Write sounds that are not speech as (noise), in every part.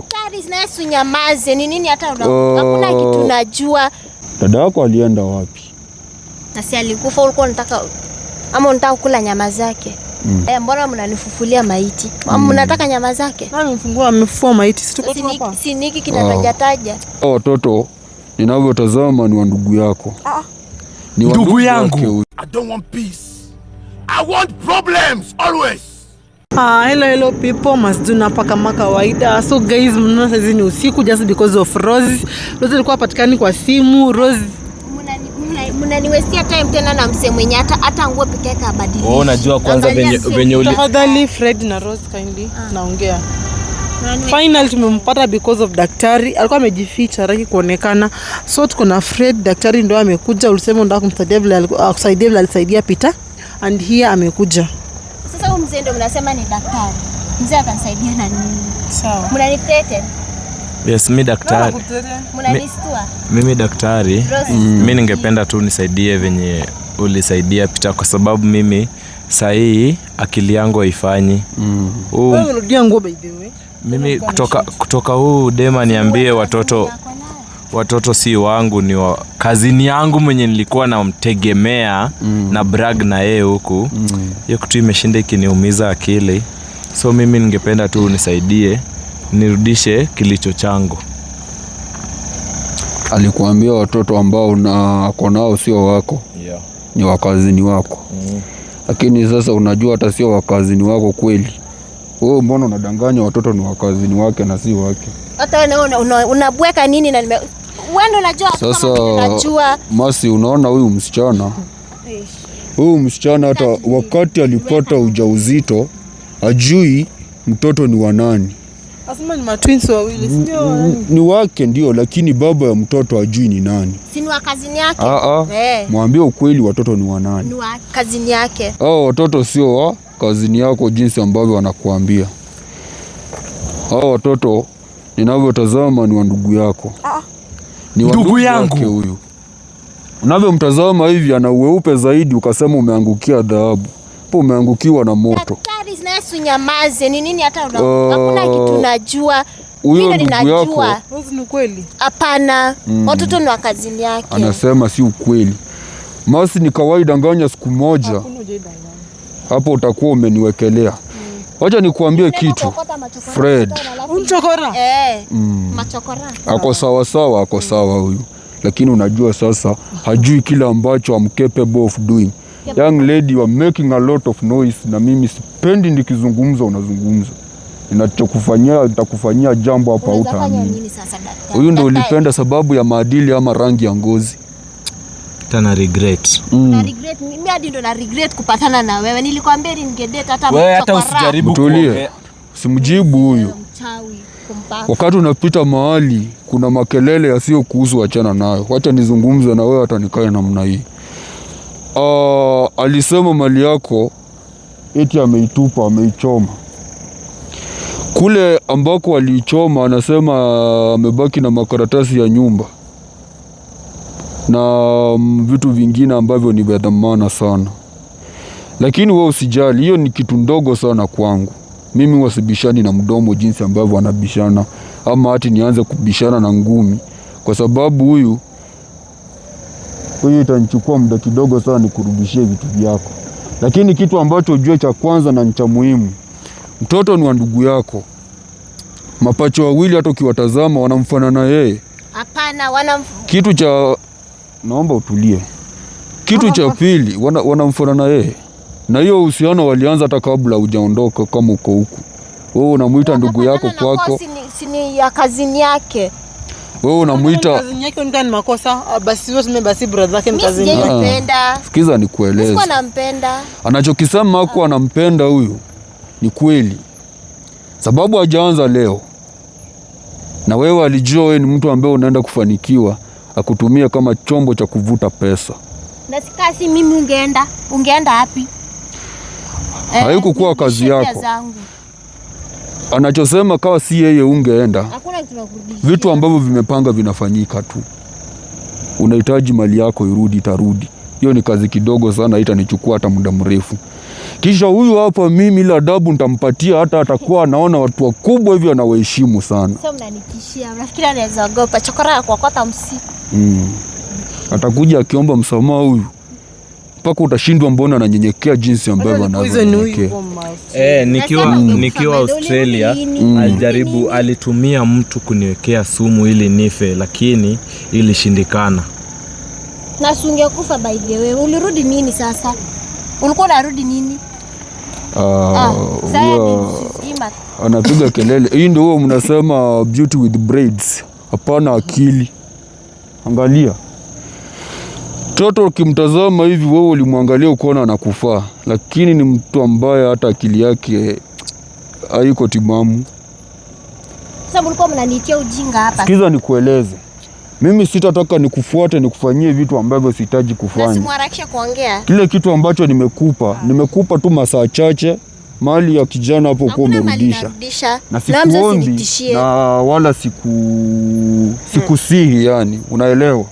mtoto. Unyamaze ni nini? Hata oh. hakuna kitu najua. Dada yako alienda wapi? Nasi alikufa, ulikuwa unataka ama unataka kula nyama zake? Mm. Eh, mbona mnanifufulia maiti? Mm. Mnataka mm. nyama zake? Nani mfungua amefufua maiti? Si tuko hapa. Si niki kinataja taja. Oh. oh, watoto ninavyotazama ni wa ndugu yako. Ah, ah. Ni ndugu yangu. I don't want peace. I want problems always. Ah, hello hello people masduna paka kama kawaida. So guys, mnaona saizi ni usiku just because of Rose. Rose ilikuwa patikani kwa simu. Rose mnaniwestia time tena na msee mwenye hata hata nguo peke Oh, unajua kwanza venye uli. Tafadhali Fred na Rose kindly ah. Naongea. Final tumempata because of daktari alikuwa amejificha raki kuonekana, so tuko na Fred. Daktari ndo amekuja, ulisema unataka kumsaidia vile akusaidia vile alisaidia Peter and here amekuja unasema ni daktari, mzee akanisaidia na nini? Sawa. Mnanifete? Yes, mi daktari. Mnanistua? Mimi daktari. Mm. Mi mm. ningependa tu nisaidie venye ulisaidia Pita kwa sababu mimi sahii akili yangu haifanyi. Mm. Mimi kutoka, kutoka huu dema niambie watoto watoto si wangu, ni wa kazini yangu mwenye nilikuwa namtegemea mm. na brag na yeye huku hiyo mm. kitu imeshinda ikiniumiza akili, so mimi ningependa tu unisaidie nirudishe kilicho changu. Alikuambia watoto ambao uko nao sio wako yeah. ni wakazini wako mm. Lakini sasa unajua hata sio wakazini wako kweli huyo oh, mbona unadanganya watoto ni wakazini wake na si wake? Hata unabweka nini na sasa masi unaona huyu msichana huyu msichana hata wakati alipata ujauzito ajui mtoto ni wa nani, ni wake ndio, lakini baba ya mtoto ajui ni nani. Ah, ah. Eh. Mwambie ukweli, watoto ni wa nani? Oh, watoto sio wa kazini yako, jinsi ambavyo wanakuambia hao watoto. Ninavyotazama ni wa ndugu yako. Ah, ni ndugu yangu huyu. Unavyomtazama hivi ana uweupe zaidi, ukasema umeangukia dhahabu. Po umeangukiwa na moto. nyamaze. Ni nini hata oh. Hakuna kitu najua. Huyo ndugu yako Hapana, mm. watoto ni wakazini yake. Anasema si ukweli. Masi ni kawaida, nganya siku moja hapo utakuwa umeniwekelea Wacha nikuambie kitu Fred. Eh, mm. Ako sawa sawa, ako sawa huyu, lakini unajua sasa hajui kile ambacho I'm capable of doing. Young lady, you are making a lot of noise, na mimi sipendi nikizungumza unazungumza Ninachokufanyia nitakufanyia jambo hapa. Utaamini huyu ndio ulipenda sababu ya maadili ama rangi ya ngozi na regret. Mm. Na regret, mimi hadi ndo na regret kupatana na wewe. Nilikwambia ningedate hata wewe hata usijaribu kuongea. Usimjibu huyu. Wakati unapita mahali kuna makelele yasiyokuhusu, achana nayo. Wacha nizungumze na wewe, hata nikae namna hii. Uh, alisema mali yako eti ameitupa, ameichoma kule ambako aliichoma. Anasema ah, amebaki na makaratasi ya nyumba na mm, vitu vingine ambavyo ni vya dhamana sana, lakini wewe usijali, hiyo ni kitu ndogo sana kwangu mimi. Wasibishani na mdomo jinsi ambavyo anabishana, ama hati nianze kubishana na ngumi, kwa sababu huyu huyu itanichukua muda kidogo sana nikurudishie vitu vyako. Lakini kitu ambacho ujue cha kwanza na cha muhimu, mtoto ni wa ndugu yako. Mapacho wawili hata ukiwatazama wanamfanana yeye. Hapana, wanam... kitu cha naomba utulie. Kitu cha pili, wanamfana na yeye na hiyo uhusiano walianza hata kabla hujaondoka. Kama uko huku wewe unamwita ndugu yako kwako, sini ya kazini yake wewe unamwita ah. sikiza, nikueleze anachokisema hako, ah. anampenda huyu, ni kweli sababu hajaanza leo, na wewe alijua wewe ni mtu ambaye unaenda kufanikiwa akutumia kama chombo cha kuvuta pesa. Na sikasi mimi, ungeenda ungeenda wapi? Eh, Haikukuwa kazi yako. Anachosema kawa si yeye, ungeenda. Vitu ambavyo vimepanga vinafanyika tu. Unahitaji mali yako irudi, itarudi. Hiyo ni kazi kidogo sana, itanichukua hata muda mrefu. Kisha huyu hapa mimi ile adabu nitampatia, hata atakuwa anaona watu wakubwa hivyo anawaheshimu sana. Sasa mnanikishia, mnafikiri anaweza ogopa chokora ya kuokota msi? Mm. Atakuja akiomba msamaha huyu mpaka utashindwa, mbona ananyenyekea jinsi ambavyo anavyenyekea. Eh, nikiwa nikiwa Australia mm. alijaribu, alitumia mtu kuniwekea sumu ili nife, lakini ilishindikana. Na sungekufa. by the way, ulirudi nini sasa? Ulikuwa unarudi nini? Ah, ah, anapiga kelele. Hii ndio huo mnasema beauty with braids. Hapana akili. Angalia mtoto ukimtazama hivi, wewe ulimwangalia na anakufaa, lakini ni mtu ambaye hata akili yake haiko timamu. Sasa mlikuwa mnanitia ujinga hapa. Sikiza nikueleze mimi sitataka nikufuate nikufanyie vitu ambavyo sihitaji kufanya. Simharakishe kuongea. Kile kitu ambacho nimekupa, ah. nimekupa tu masaa chache mali ya kijana hapo kuwa umerudisha, na sikuombi na wala siku sikusihi hmm. Yani unaelewa,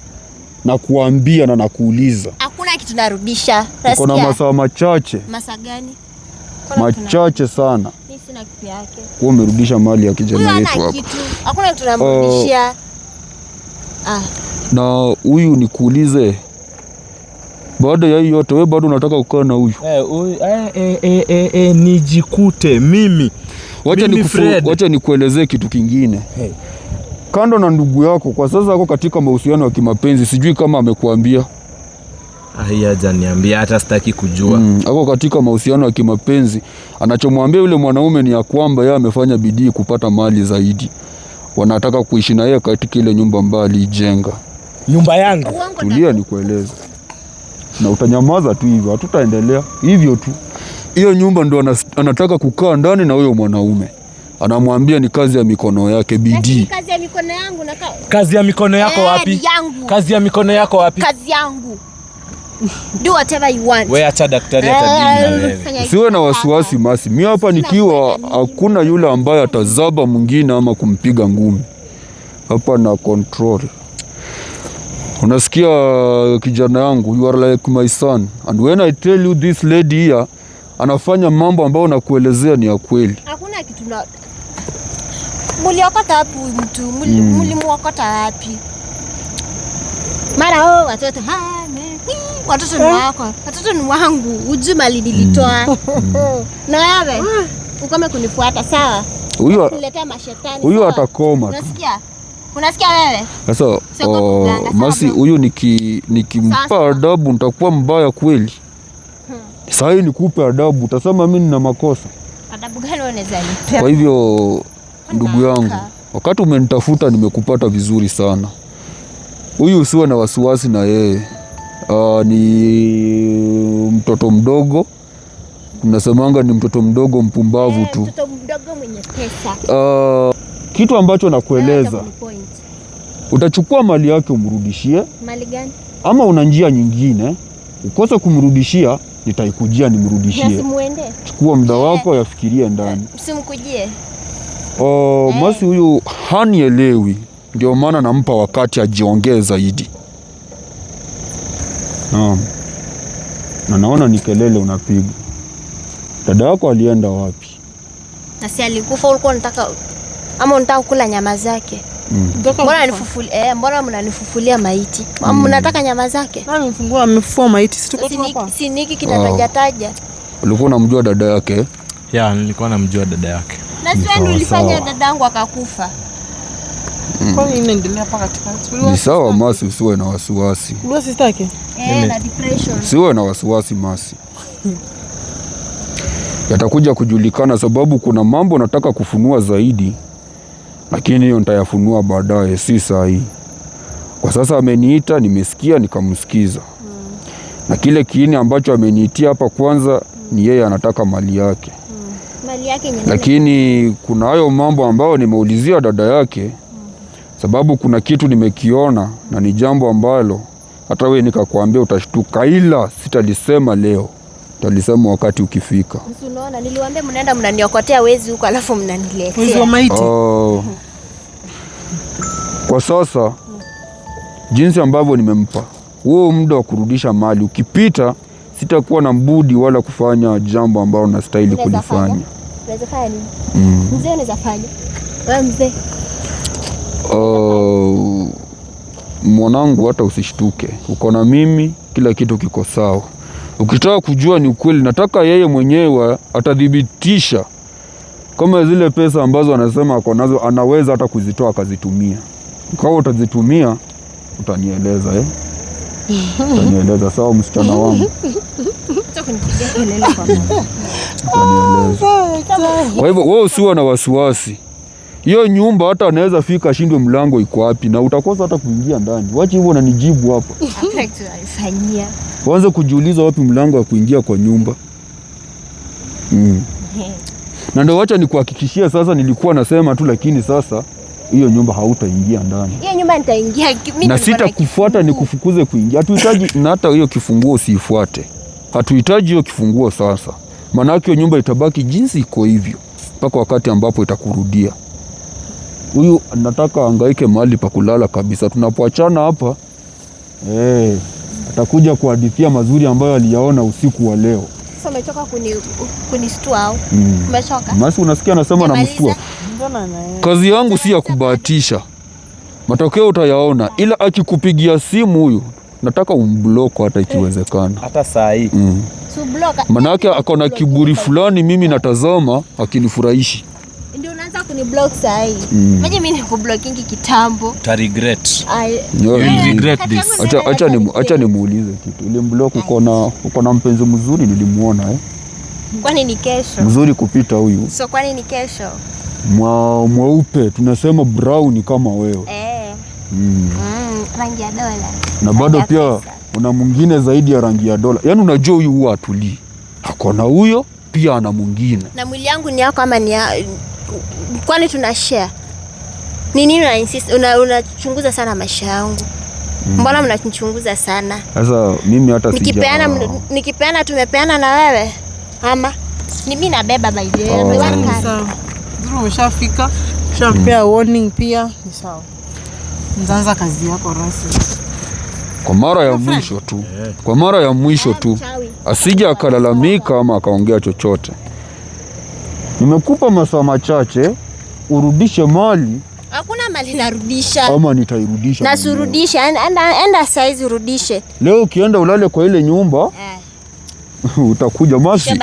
nakuambia na nakuuliza, hakuna kitu narudisha. Uko na masaa machache. Masaa gani? machache sana kuwa umerudisha mali ya kijana yetu hapo. Hakuna kitu namrudishia. Oh. Ah. Na huyu nikuulize, baada ya hii yote wewe bado unataka kukaa na huyu? Eh, eh eh, eh, eh, eh, nijikute mimi. Wacha ni wacha nikuelezee kitu kingine hey. Kando na ndugu yako kwa sasa ako katika mahusiano ya kimapenzi, sijui kama amekuambia. Ah, hajaniambia hata sitaki kujua. Mm, ako katika mahusiano ya kimapenzi. Anachomwambia yule mwanaume ni ya kwamba yeye amefanya bidii kupata mali zaidi wanataka kuishi na yeye katika ile nyumba ambayo alijenga. Nyumba yangu. Tulia nikueleze, na utanyamaza tu hivyo, hatutaendelea hivyo tu. Hiyo nyumba ndo anataka kukaa ndani na huyo mwanaume anamwambia ni kazi ya mikono yake, bidii. Kazi ya mikono yangu na kazi ya mikono yako eh, wapi? Kazi ya mikono yako wapi? Kazi yangu Do whatever you want. Wewe acha daktari atadili. Eh, eh, Usiwe na wasiwasi masi. Mimi hapa nikiwa hakuna yule ambaye atazaba mwingine ama kumpiga ngumi. Hapa na control. Unasikia kijana yangu, you are like my son. And when I tell you this lady here anafanya mambo ambayo nakuelezea ni ya kweli. Hakuna kitu na Muliokota hapo mtu, mulimwokota hmm. wapi? Mara oh, watoto haya watoto ni wako, watoto ni wangu, uji mali nilitoa mm. (laughs) na wewe ukome kunifuata sawa. Uniletea mashetani huyo atakoma. Unasikia? Unasikia wewe? Sasa basi, oh, huyu nikimpa adabu nitakuwa mbaya kweli. Hmm. Sasa hii nikupe adabu, utasema mimi nina makosa. Adabu gani unaweza nipa? Kwa hivyo ndugu yangu, wakati umenitafuta nimekupata vizuri sana. Huyu usiwe na wasiwasi na yeye uh, ni mtoto mdogo tunasemanga ni mtoto mdogo mpumbavu tu. Mtoto mdogo mwenye pesa. Uh, kitu ambacho nakueleza utachukua mali yake umrudishie. Mali gani? Ama una njia nyingine ukose kumrudishia, nitaikujia nimrudishie. Chukua muda wako, yafikirie ndani. Eh, msimkujie. Oh, eh. masi huyu hanielewi, ndio maana nampa wakati ajiongee zaidi no. na naona ni kelele unapiga. Dada yako alienda wapi? Na si alikufa, ulikuwa unataka ama unataka kula nyama zake? Mm. Mbona nifufulia eh, mbona mnanifufulia maiti? Mm. Mnataka nyama zake? Mfungua amefufua maiti, si tuko hapa. Si niki kinataja oh. taja. Ulikuwa unamjua dada yake? Ya, nilikuwa namjua dada yake. Na si wewe ulifanya dadangu akakufa. Mm. ni sawa Masi, usiwe na wasiwasi, eh, usiwe na wasiwasi Masi, yatakuja kujulikana, sababu kuna mambo nataka kufunua zaidi, lakini hiyo nitayafunua baadaye, si saa hii. Kwa sasa ameniita, nimesikia, nikamsikiza mm. na kile kiini ambacho ameniitia hapa kwanza mm. ni yeye anataka mali yake, mm. mali yake, lakini kuna hayo mambo ambayo nimeulizia dada yake sababu kuna kitu nimekiona na ni jambo ambalo hata wewe nikakwambia utashtuka, ila sitalisema leo, talisema wakati ukifika. Unaona, niliwaambia mnaenda mnaniokotea wezi huko, alafu mnaniletea wezi wa maiti. Oh. Kwa sasa jinsi ambavyo nimempa huo muda wa kurudisha mali, ukipita sitakuwa na mbudi wala kufanya jambo ambalo nastahili kulifanya. Mm. Mzee, unaweza fanya wewe mzee Uh, mwanangu, hata usishtuke, uko na mimi, kila kitu kiko sawa. Ukitaka kujua ni ukweli, nataka yeye mwenyewe atathibitisha kama zile pesa ambazo anasema ako nazo anaweza hata kuzitoa akazitumia. Kama utazitumia utanieleza eh? Utanieleza sawa, msichana wangu. Kwa hivyo wewe usiwa na wasiwasi hiyo nyumba hata anaweza fika ashindwe mlango iko wapi, na utakosa hata kuingia ndani. Wacha hivyo, unanijibu hapa, (laughs) waanze kujiuliza wapi mlango wa kuingia kwa nyumba mm. (laughs) na ndio wacha nikuhakikishia sasa, nilikuwa nasema tu, lakini sasa hiyo nyumba hautaingia ndani. Hiyo nyumba nitaingia mimi, na sitakufuata nikufukuze kuingia. Hatuhitaji na hata hiyo kifunguo usiifuate, hatuhitaji hiyo kifunguo sasa, maana hiyo nyumba itabaki jinsi iko hivyo mpaka wakati ambapo itakurudia huyu nataka angaike mahali pa kulala kabisa. Tunapoachana hapa hey, eh, atakuja kuhadithia mazuri ambayo aliyaona usiku wa leo. basi mm. unasikia anasema namstua. Kazi yangu si ya kubahatisha, matokeo utayaona, ila akikupigia simu huyu nataka umbloko hata ikiwezekana, eh. hata saa hii mm. Manake akona kiburi fulani, mimi natazama akinifurahishi kuniblock saa mm. Maji mimi ni nikublokingi kitambo. Ta regret. Will regret this. Acha acha ni acha nimuulize kitu. block uko na uko na mpenzi mzuri nilimuona eh? Kwani ni kesho? Mzuri kupita huyu. So kwani ni kesho? Mwa mweupe tunasema brown kama wewe. Eh. Mm. Mm, rangi ya dola. Na bado pia una mwingine zaidi ya rangi ya dola. Yaani unajua huyu huwa atulii. Akona huyo pia ana mwingine. Na mwili wangu ni yako ama ni kwani tuna share ni nini? Una insist unachunguza una sana maisha yangu mm. Mbona mnachunguza sana sasa? Mimi hata nikipeana sija... nikipeana tumepeana na wewe ama ni mimi nabeba by the way oh. Umeshafika, shampea mm. warning pia ni sawa, nzaanza kazi yako rasmi kwa mara ya mwisho tu, kwa mara ya mwisho ah, tu, asije akalalamika ama akaongea chochote. Nimekupa masaa machache urudishe mali. Hakuna mali narudisha. Ama nitairudisha. Nasurudisha. Enda, enda saizi urudishe. Leo ukienda ulale kwa ile nyumba eh. (laughs) Utakuja masi,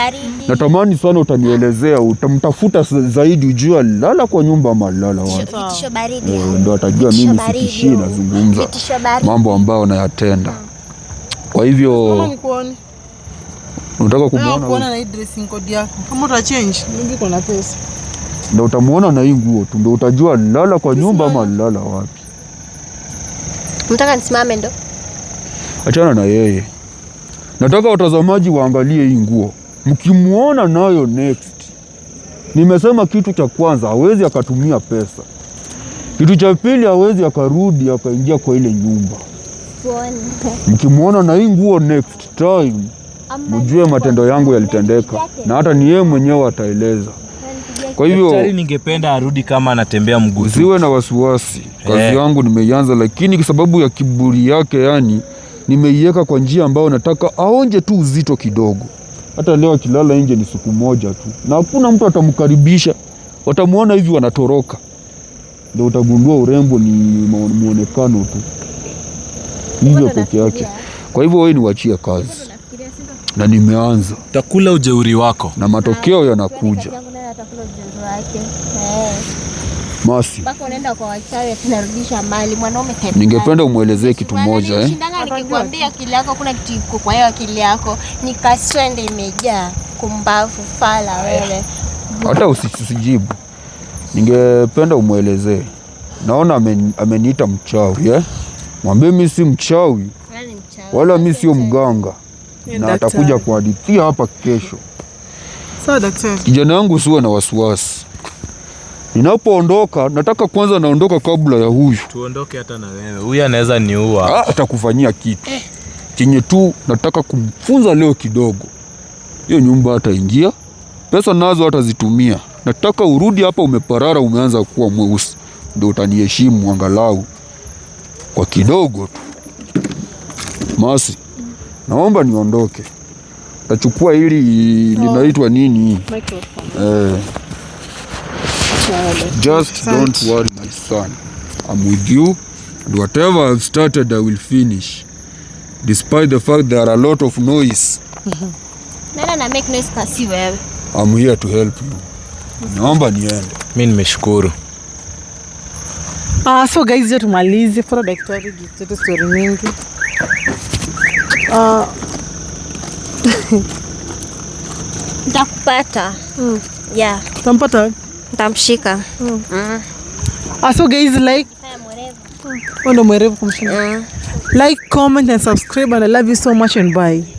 natamani sana utanielezea, utamtafuta zaidi, ujue lala kwa nyumba ama lala wapi, ndo atajua mimi sikishii nazungumza mambo ambayo nayatenda. Kwa hivyo Unataka kumuona na hii dressing code yako. Kama uta change, mimi niko na pesa. Ndio utamuona na hii nguo tu, ndio utajua lala kwa nyumba ama lala wapi. Unataka nisimame ndo? Achana na yeye. Nataka watazamaji waangalie hii nguo, mkimuona nayo next. Nimesema kitu cha kwanza, hawezi akatumia pesa. Kitu cha pili, hawezi akarudi akaingia kwa ile nyumba. Mkimwona na hii nguo next time mjue matendo yangu yalitendeka, na hata ni yeye mwenyewe ataeleza. Kwa hivyo ningependa arudi kama anatembea mguu. Siwe na wasiwasi, kazi yeah, yangu nimeianza, lakini kwa sababu ya kiburi yake, yani nimeiweka kwa njia ambayo nataka aonje tu uzito kidogo. Hata leo akilala nje ni siku moja tu, na hakuna mtu atamkaribisha, watamwona hivi wanatoroka. Ndio utagundua urembo ni muonekano tu, hivyo peke yake. Kwa hivyo wewe niwachie kazi na nimeanza. Takula ujeuri wako na matokeo yanakuja. Masi, ningependa umwelezee kitu yaani moja eh? Hata usijibu, ningependa umwelezee. Naona ameniita mchawi eh? Mwambie mi si mchawi wala mi sio mganga na atakuja kuhadithia hapa kesho. Sawa daktari. Kijana wangu siwe na wasiwasi, ninapoondoka nataka kwanza naondoka kabla ya huyu. Tuondoke hata na wewe. Huyu anaweza niua. Ah, atakufanyia kitu chenye tu nataka kumfunza leo kidogo. Hiyo nyumba ataingia pesa nazo atazitumia Nataka urudi hapa umeparara, umeanza kuwa mweusi, ndio utaniheshimu angalau kwa kidogo tu. Masi naomba niondoke. Tachukua hili oh, linaitwa nini? Eh. Just don't worry my son. I'm with you and whatever I've started I will finish. Despite the fact there are a lot of noise. I'm here to help you. Naomba niende. Mimi nimeshukuru. Ah, so guys, tumalize product story mingi Uh, (laughs) Nitakupata. Hmm. Hmm. mm. Yeah. Tampata? ntamshika mm. mm. Asoge guys, like Ndo mwerevu mm. Like, comment and subscribe and I love you so much and bye.